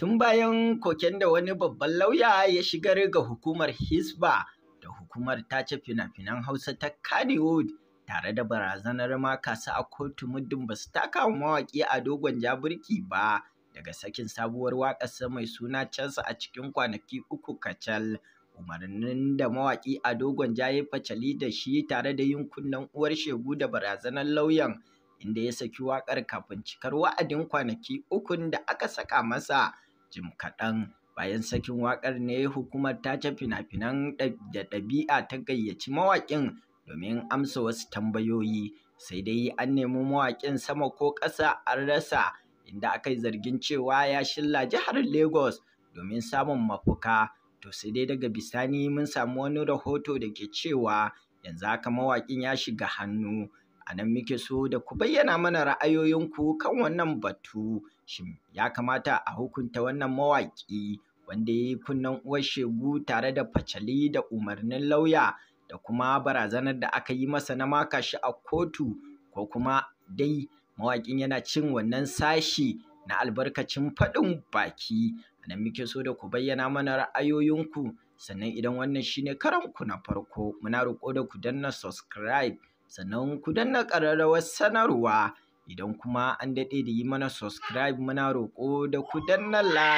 tun bayan koken da wani babban lauya ya shigar ga hukumar hisba da hukumar tace fina-finan hausa ta kannywood tare da barazanar makasa a kotu muddin ba su taka mawaƙi a dogon jaburki ba daga sakin sabuwar waƙarsa mai suna cansa a cikin kwanaki uku kacal umarnin da mawaƙi a dogon ja ya facali da shi tare da yin kunnen uwar shegu da barazanar lauyan inda ya saki waƙar kafin cikar wa'adin kwanaki ukun da aka saka masa jim kaɗan bayan sakin waƙar ne hukumar ta ce fina-finan da ɗabi'a ta gayyaci mawaƙin domin amsa wasu tambayoyi sai dai an nemi mawaƙin sama ko ƙasa an rasa inda aka yi zargin cewa ya shilla jihar lagos domin samun mafuka to sai dai daga bisani mun samu wani rahoto da ke cewa yanzu haka mawaƙin ya shiga hannu a nan muke so da ku bayyana mana ra'ayoyinku kan wannan batu shin ya kamata a hukunta wannan mawaƙi wanda ya yi kunnen uwar shegu tare da facali da umarnin lauya da kuma barazanar da aka yi masa na maka shi a kotu ko kuma dai mawaƙin yana cin wannan sashi na albarkacin faɗin baki nan muke so da ku bayyana mana ra'ayoyinku sannan idan wannan shine karanku na farko muna roƙo da ku danna subscribe sannan ku danna ƙararrawar sanarwa idan kuma an daɗe da yi mana subscribe muna roƙo da ku danna like